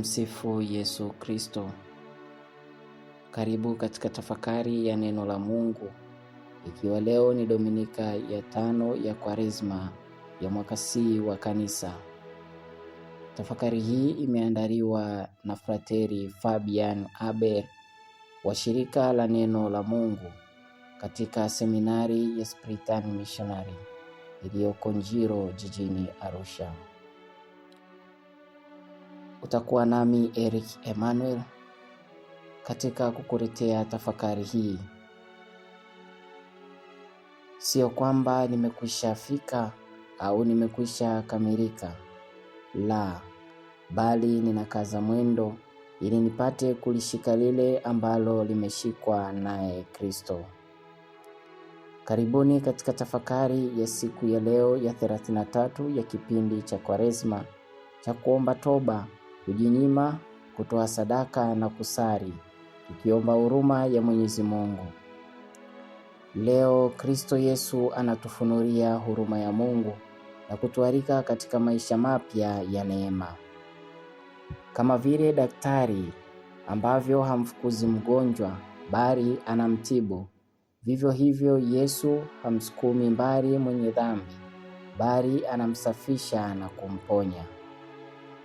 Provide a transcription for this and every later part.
Tumsifu Yesu Kristo. Karibu katika tafakari ya neno la Mungu, ikiwa leo ni Dominika ya tano ya Kwaresma ya mwaka C wa Kanisa. Tafakari hii imeandaliwa na Frateri Fabian Aber wa shirika la neno la Mungu katika seminari ya Spiritan Missionary iliyoko Njiro jijini Arusha. Utakuwa nami Eric Emmanuel katika kukuletea tafakari hii. Sio kwamba nimekwisha fika au nimekwisha kamilika, la, bali ninakaza mwendo ili nipate kulishika lile ambalo limeshikwa naye Kristo. Karibuni katika tafakari ya siku ya leo ya 33 ya kipindi cha Kwaresma cha kuomba toba kujinyima, kutoa sadaka na kusali, tukiomba huruma ya Mwenyezi Mungu. Leo Kristo Yesu anatufunulia huruma ya Mungu na kutualika katika maisha mapya ya neema. Kama vile daktari ambavyo hamfukuzi mgonjwa bali anamtibu, vivyo hivyo Yesu hamsukumi mbali mwenye dhambi bali anamsafisha na kumponya.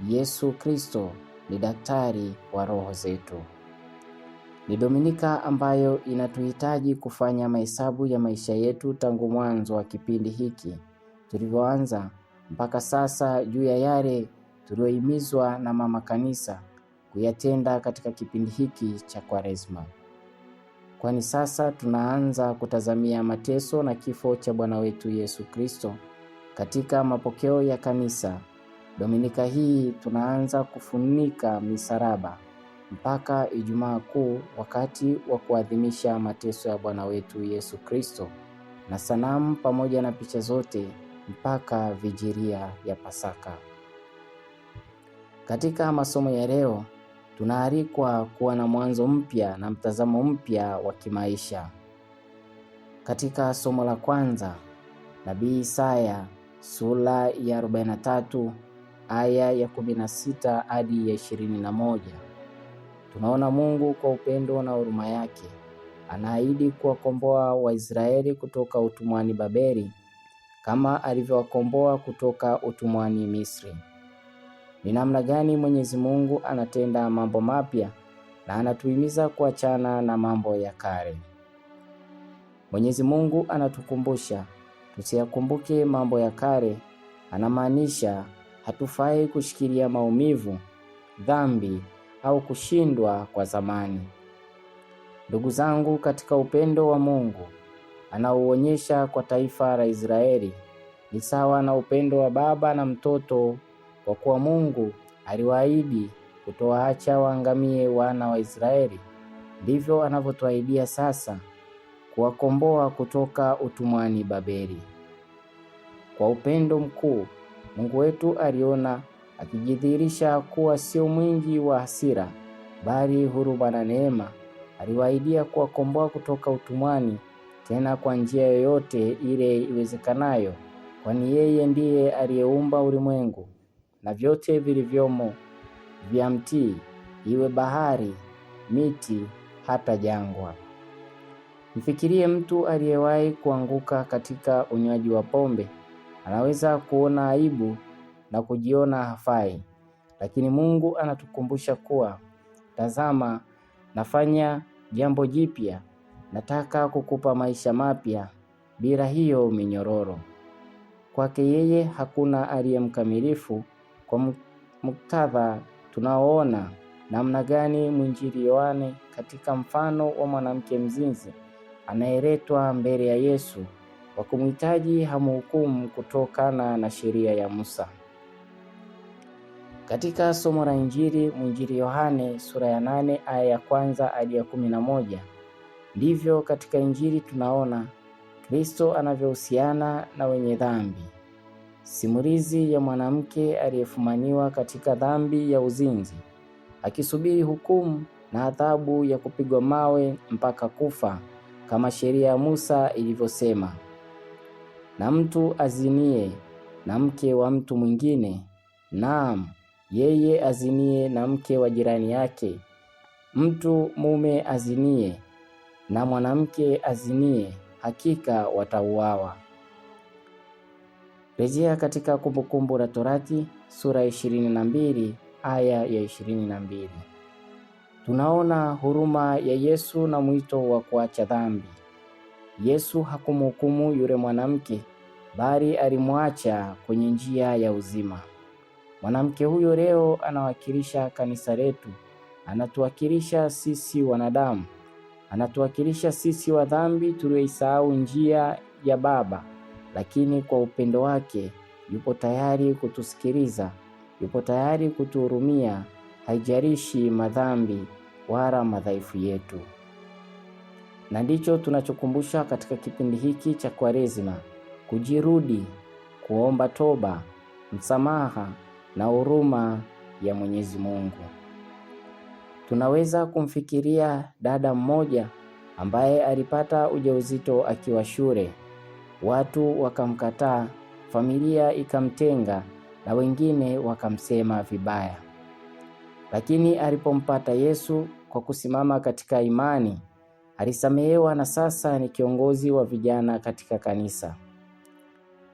Yesu Kristo ni daktari wa roho zetu. Ni Dominika ambayo inatuhitaji kufanya mahesabu ya maisha yetu tangu mwanzo wa kipindi hiki tulivyoanza mpaka sasa juu ya yale tuliyohimizwa na Mama Kanisa kuyatenda katika kipindi hiki cha Kwaresma. Kwani sasa tunaanza kutazamia mateso na kifo cha Bwana wetu Yesu Kristo katika mapokeo ya Kanisa Dominika hii tunaanza kufunika misalaba mpaka Ijumaa Kuu, wakati wa kuadhimisha mateso ya Bwana wetu Yesu Kristo, na sanamu pamoja na picha zote mpaka vijiria ya Pasaka. Katika masomo ya leo tunaalikwa kuwa na mwanzo mpya na mtazamo mpya wa kimaisha. Katika somo la kwanza, Nabii Isaya sura ya 43 aya ya 16 hadi ya 21. tunaona Mungu kwa upendo na huruma yake anaahidi kuwakomboa Waisraeli kutoka utumwani Babeli kama alivyowakomboa kutoka utumwani Misri. Ni namna gani Mwenyezi Mungu anatenda mambo mapya na anatuhimiza kuachana na mambo ya kale. Mwenyezi Mungu anatukumbusha tusiyakumbuke mambo ya kale, anamaanisha Hatufai kushikilia maumivu, dhambi au kushindwa kwa zamani. Ndugu zangu katika upendo wa Mungu anaoonyesha kwa taifa la Israeli ni sawa na upendo wa baba na mtoto, kwa kuwa Mungu aliwaahidi kutowaacha waangamie wana wa Israeli. Ndivyo anavyotuahidia sasa kuwakomboa kutoka utumwani Babeli. Kwa upendo mkuu Mungu wetu aliona akijidhihirisha kuwa sio mwingi wa hasira, bali huruma na neema. Aliwaahidia kuwakomboa kutoka utumwani, tena kwa njia yoyote ile iwezekanayo, kwani yeye ndiye aliyeumba ulimwengu na vyote vilivyomo vya mtii, iwe bahari, miti, hata jangwa. Mfikirie mtu aliyewahi kuanguka katika unywaji wa pombe anaweza kuona aibu na kujiona hafai, lakini Mungu anatukumbusha kuwa, tazama, nafanya jambo jipya, nataka kukupa maisha mapya bila hiyo minyororo. Kwake yeye hakuna aliye mkamilifu. Kwa muktadha tunaoona namna gani mwinjili Yohane katika mfano wa mwanamke mzinzi anayeletwa mbele ya Yesu kwa kumhitaji hamhukumu kutokana na sheria ya Musa. Katika somo la Injili mwinjili Yohane sura ya nane aya ya kwanza hadi ya kumi na moja ndivyo katika Injili tunaona Kristo anavyohusiana na wenye dhambi. Simulizi ya mwanamke aliyefumaniwa katika dhambi ya uzinzi akisubiri hukumu na adhabu ya kupigwa mawe mpaka kufa kama sheria ya Musa ilivyosema na mtu azinie na mke wa mtu mwingine, naam, yeye azinie na mke wa jirani yake, mtu mume azinie na mwanamke azinie, hakika watauawa. Rejea katika Kumbukumbu la Torati sura 22 aya ya 22. Tunaona huruma ya Yesu na mwito wa kuacha dhambi. Yesu hakumhukumu yule mwanamke, bali alimwacha kwenye njia ya uzima. Mwanamke huyo leo anawakilisha kanisa letu, anatuwakilisha sisi wanadamu, anatuwakilisha sisi wa dhambi tulioisahau njia ya Baba, lakini kwa upendo wake yupo tayari kutusikiliza, yupo tayari kutuhurumia, haijalishi madhambi wala madhaifu yetu na ndicho tunachokumbusha katika kipindi hiki cha Kwaresima: kujirudi, kuomba toba, msamaha na huruma ya Mwenyezi Mungu. Tunaweza kumfikiria dada mmoja ambaye alipata ujauzito akiwa shule, watu wakamkataa, familia ikamtenga na wengine wakamsema vibaya, lakini alipompata Yesu kwa kusimama katika imani Alisamehewa na sasa ni kiongozi wa vijana katika kanisa,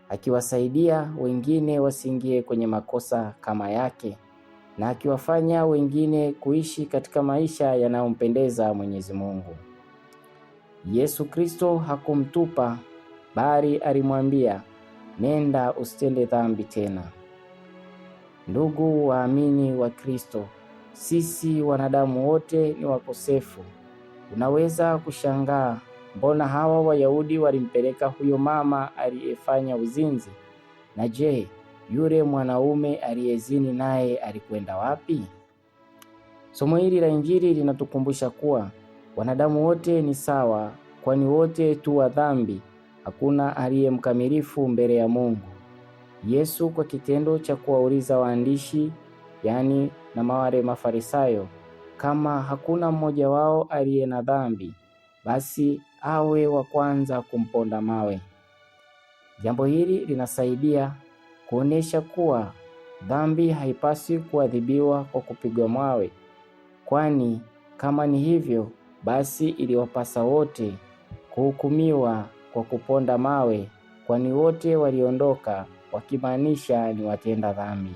akiwasaidia wengine wasiingie kwenye makosa kama yake na akiwafanya wengine kuishi katika maisha yanayompendeza Mwenyezi Mungu. Yesu Kristo hakumtupa bali alimwambia, nenda usitende dhambi tena. Ndugu waamini wa Kristo, sisi wanadamu wote ni wakosefu Unaweza kushangaa, mbona hawa Wayahudi walimpeleka huyo mama aliyefanya uzinzi? Na je, yule mwanaume aliyezini naye alikwenda wapi? Somo hili la Injili linatukumbusha kuwa wanadamu wote ni sawa, kwani wote tu wa dhambi. Hakuna aliye mkamilifu mbele ya Mungu. Yesu kwa kitendo cha kuwauliza waandishi, yaani na mawale Mafarisayo kama hakuna mmoja wao aliye na dhambi, basi awe wa kwanza kumponda mawe. Jambo hili linasaidia kuonesha kuwa dhambi haipaswi kuadhibiwa kwa kupigwa mawe, kwani kama ni hivyo, basi iliwapasa wote kuhukumiwa kwa kuponda mawe, kwani wote waliondoka wakimaanisha ni watenda dhambi.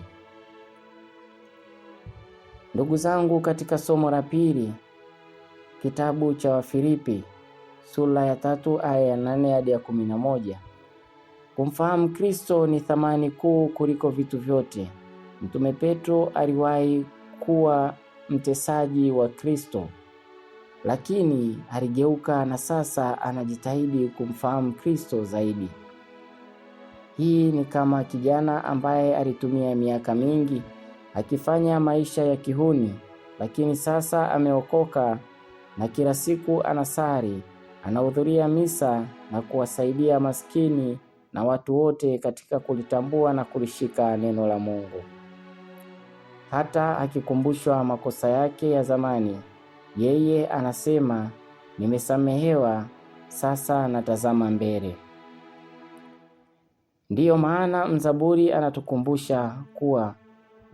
Ndugu zangu katika somo la pili kitabu cha Wafilipi sura ya tatu aya ya nane hadi ya kumi na moja. Kumfahamu Kristo ni thamani kuu kuliko vitu vyote. Mtume Petro aliwahi kuwa mtesaji wa Kristo, lakini aligeuka na sasa anajitahidi kumfahamu Kristo zaidi. Hii ni kama kijana ambaye alitumia miaka mingi akifanya maisha ya kihuni, lakini sasa ameokoka na kila siku anasali, anahudhuria misa na kuwasaidia maskini na watu wote katika kulitambua na kulishika neno la Mungu. Hata akikumbushwa makosa yake ya zamani, yeye anasema nimesamehewa, sasa natazama mbele. Ndiyo maana mzaburi anatukumbusha kuwa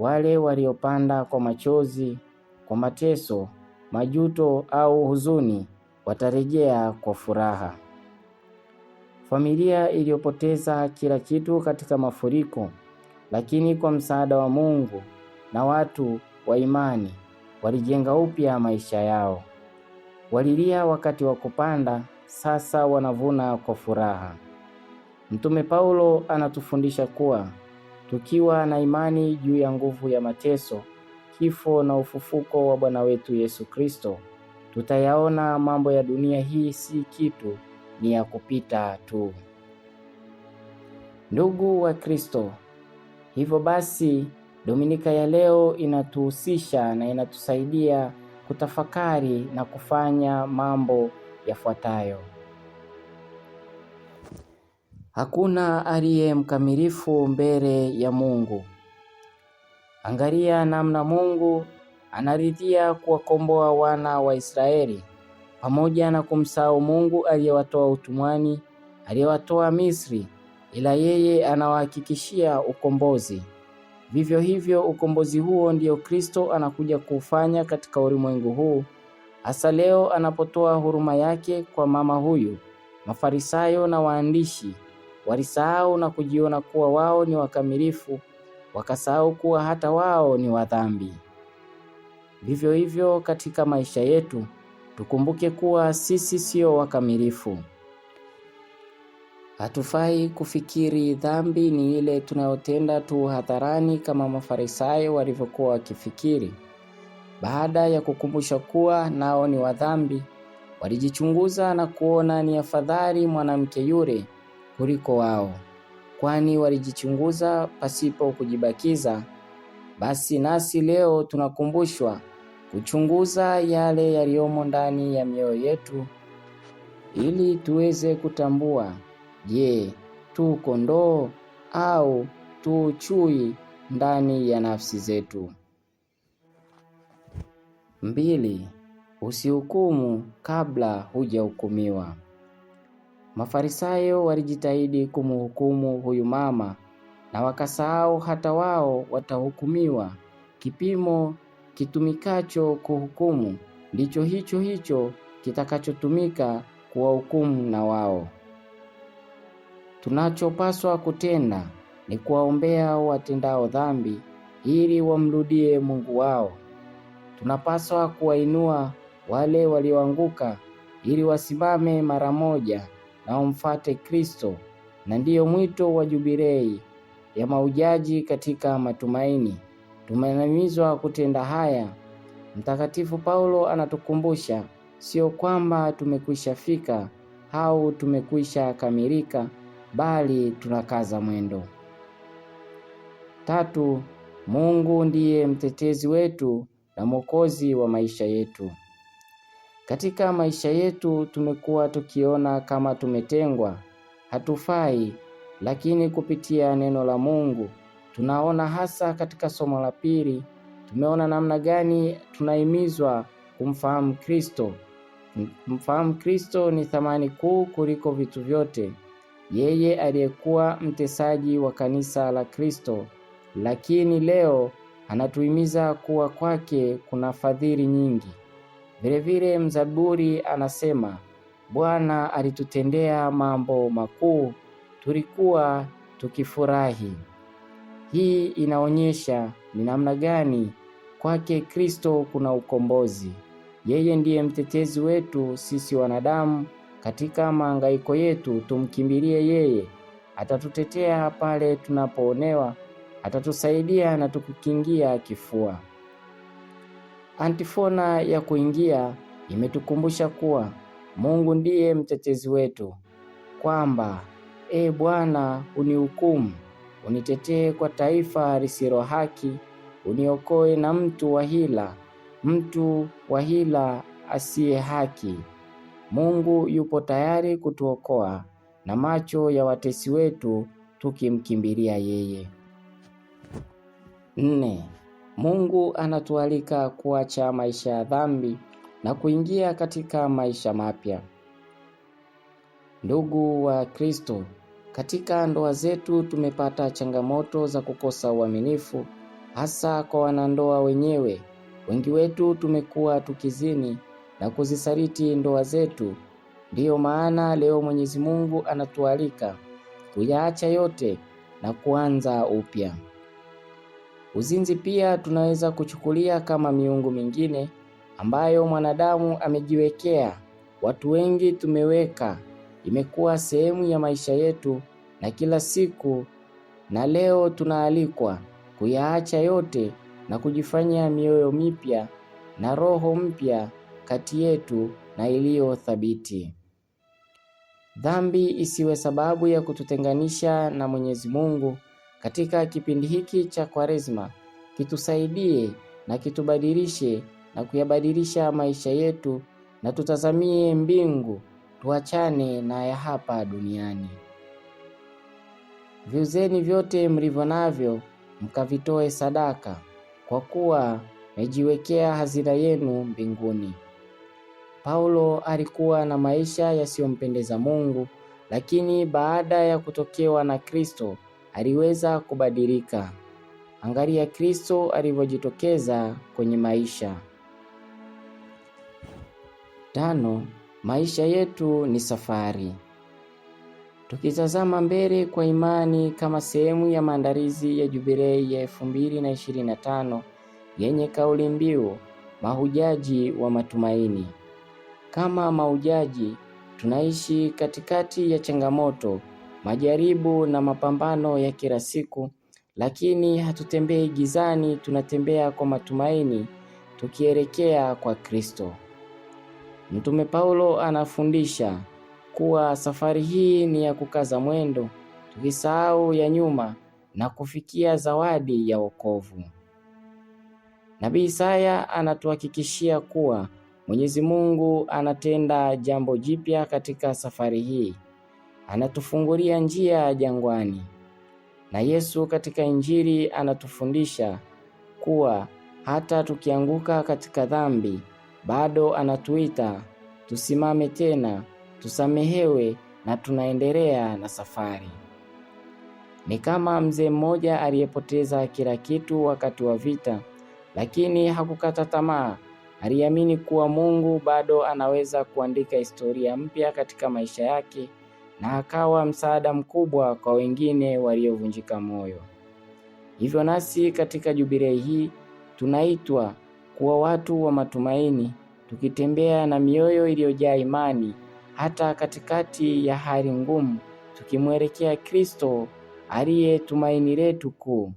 wale waliopanda kwa machozi, kwa mateso, majuto au huzuni watarejea kwa furaha. Familia iliyopoteza kila kitu katika mafuriko, lakini kwa msaada wa Mungu na watu wa imani walijenga upya maisha yao. Walilia wakati wa kupanda, sasa wanavuna kwa furaha. Mtume Paulo anatufundisha kuwa tukiwa na imani juu ya nguvu ya mateso, kifo na ufufuko wa Bwana wetu Yesu Kristo, tutayaona mambo ya dunia hii si kitu, ni ya kupita tu. Ndugu wa Kristo, hivyo basi Dominika ya leo inatuhusisha na inatusaidia kutafakari na kufanya mambo yafuatayo. Hakuna aliye mkamilifu mbele ya Mungu. Angalia namna Mungu anaridhia kuwakomboa wana wa Israeli pamoja na kumsahau Mungu aliyewatoa utumwani, aliyewatoa Misri, ila yeye anawahakikishia ukombozi. Vivyo hivyo, ukombozi huo ndiyo Kristo anakuja kuufanya katika ulimwengu huu, hasa leo anapotoa huruma yake kwa mama huyu, Mafarisayo na waandishi Walisahau na kujiona kuwa wao ni wakamilifu, wakasahau kuwa hata wao ni wadhambi. Vivyo hivyo katika maisha yetu tukumbuke kuwa sisi sio wakamilifu. Hatufai kufikiri dhambi ni ile tunayotenda tu hadharani kama Mafarisayo walivyokuwa wakifikiri. Baada ya kukumbusha kuwa nao ni wadhambi, walijichunguza na kuona ni afadhali mwanamke yule kuliko wao, kwani walijichunguza pasipo kujibakiza. Basi nasi leo tunakumbushwa kuchunguza yale yaliyomo ndani ya mioyo yetu ili tuweze kutambua, je, tu kondoo au tu chui ndani ya nafsi zetu. Mbili, usihukumu kabla hujahukumiwa. Mafarisayo walijitahidi kumhukumu huyu mama na wakasahau hata wao watahukumiwa. Kipimo kitumikacho kuhukumu ndicho hicho hicho kitakachotumika kuwahukumu na wao. Tunachopaswa kutenda ni kuwaombea watendao dhambi ili wamrudie Mungu wao. Tunapaswa kuwainua wale walioanguka ili wasimame mara moja na umfate Kristo, na ndiyo mwito wa jubilei ya maujaji katika matumaini. tumenamizwa kutenda haya. Mtakatifu Paulo anatukumbusha sio kwamba tumekwisha fika au tumekwisha kamilika, bali tunakaza mwendo. Tatu, Mungu ndiye mtetezi wetu na mwokozi wa maisha yetu. Katika maisha yetu tumekuwa tukiona kama tumetengwa, hatufai, lakini kupitia neno la Mungu tunaona, hasa katika somo la pili, tumeona namna gani tunahimizwa kumfahamu Kristo. Kumfahamu Kristo ni thamani kuu kuliko vitu vyote. Yeye aliyekuwa mtesaji wa kanisa la Kristo, lakini leo anatuhimiza kuwa kwake kuna fadhili nyingi. Vilevile mzaburi anasema, Bwana alitutendea mambo makuu, tulikuwa tukifurahi. Hii inaonyesha ni namna gani kwake Kristo kuna ukombozi. Yeye ndiye mtetezi wetu sisi wanadamu. Katika mahangaiko yetu tumkimbilie yeye, atatutetea pale tunapoonewa, atatusaidia na tukukingia kifua. Antifona ya kuingia imetukumbusha kuwa Mungu ndiye mtetezi wetu, kwamba E Bwana, unihukumu, unitetee kwa taifa lisilo haki, uniokoe na mtu wa hila, mtu wa hila asiye haki. Mungu yupo tayari kutuokoa na macho ya watesi wetu tukimkimbilia yeye. Nne. Mungu anatualika kuacha maisha ya dhambi na kuingia katika maisha mapya. Ndugu wa Kristo, katika ndoa zetu tumepata changamoto za kukosa uaminifu, hasa kwa wanandoa wenyewe. Wengi wetu tumekuwa tukizini na kuzisariti ndoa zetu. Ndiyo maana leo Mwenyezi Mungu anatualika kuyaacha yote na kuanza upya. Uzinzi pia tunaweza kuchukulia kama miungu mingine ambayo mwanadamu amejiwekea. Watu wengi tumeweka, imekuwa sehemu ya maisha yetu na kila siku, na leo tunaalikwa kuyaacha yote na kujifanya mioyo mipya na roho mpya kati yetu na iliyo thabiti. Dhambi isiwe sababu ya kututenganisha na Mwenyezi Mungu katika kipindi hiki cha Kwaresma kitusaidie na kitubadilishe na kuyabadilisha maisha yetu, na tutazamie mbingu, tuachane na ya hapa duniani. Viuzeni vyote mlivyo navyo, mkavitoe sadaka, kwa kuwa mejiwekea hazina yenu mbinguni. Paulo alikuwa na maisha yasiyompendeza Mungu, lakini baada ya kutokewa na Kristo aliweza kubadilika. Angalia Kristo alivyojitokeza kwenye maisha. Tano, maisha yetu ni safari. Tukitazama mbele kwa imani kama sehemu ya maandalizi ya jubilei ya 2025 yenye kauli mbiu mahujaji wa matumaini. Kama mahujaji tunaishi katikati ya changamoto majaribu na mapambano ya kila siku, lakini hatutembei gizani, tunatembea kwa matumaini tukielekea kwa Kristo. Mtume Paulo anafundisha kuwa safari hii ni ya kukaza mwendo, tukisahau ya nyuma na kufikia zawadi ya wokovu. Nabii Isaya anatuhakikishia kuwa Mwenyezi Mungu anatenda jambo jipya katika safari hii anatufungulia njia ya jangwani, na Yesu katika Injili anatufundisha kuwa hata tukianguka katika dhambi bado anatuita tusimame tena, tusamehewe na tunaendelea na safari. Ni kama mzee mmoja aliyepoteza kila kitu wakati wa vita, lakini hakukata tamaa. Aliamini kuwa Mungu bado anaweza kuandika historia mpya katika maisha yake na akawa msaada mkubwa kwa wengine waliovunjika moyo. Hivyo nasi katika jubilei hii tunaitwa kuwa watu wa matumaini, tukitembea na mioyo iliyojaa imani hata katikati ya hali ngumu, tukimwelekea Kristo aliye tumaini letu kuu.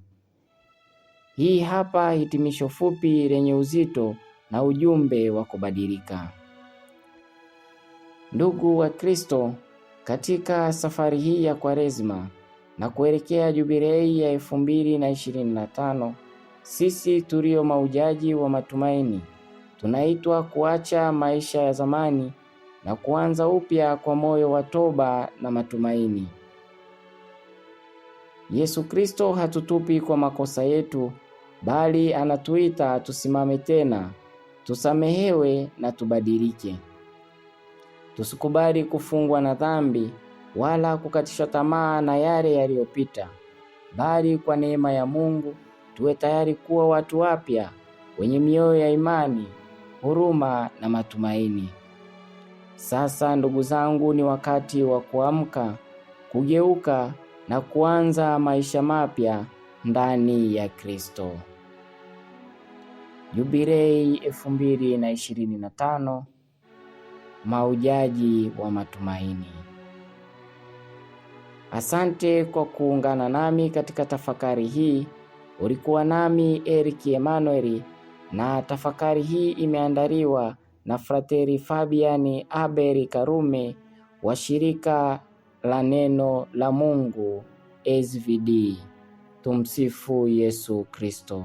Hii hapa hitimisho fupi lenye uzito na ujumbe wa kubadilika. Ndugu wa Kristo, katika safari hii ya Kwaresma na kuelekea jubilei ya elfu mbili na ishirini na tano, sisi tulio maujaji wa matumaini tunaitwa kuacha maisha ya zamani na kuanza upya kwa moyo wa toba na matumaini. Yesu Kristo hatutupi kwa makosa yetu, bali anatuita tusimame tena, tusamehewe na tubadilike. Tusikubali kufungwa na dhambi wala kukatishwa tamaa na yale yaliyopita, bali kwa neema ya Mungu tuwe tayari kuwa watu wapya wenye mioyo ya imani, huruma na matumaini. Sasa ndugu zangu, ni wakati wa kuamka, kugeuka na kuanza maisha mapya ndani ya Kristo. Jubilei elfu mbili na ishirini na tano maujaji wa matumaini. Asante kwa kuungana nami katika tafakari hii. Ulikuwa nami Eric Emmanuel, na tafakari hii imeandaliwa na Frateri Fabiani Aberi Karume wa shirika la neno la Mungu SVD. Tumsifu Yesu Kristo.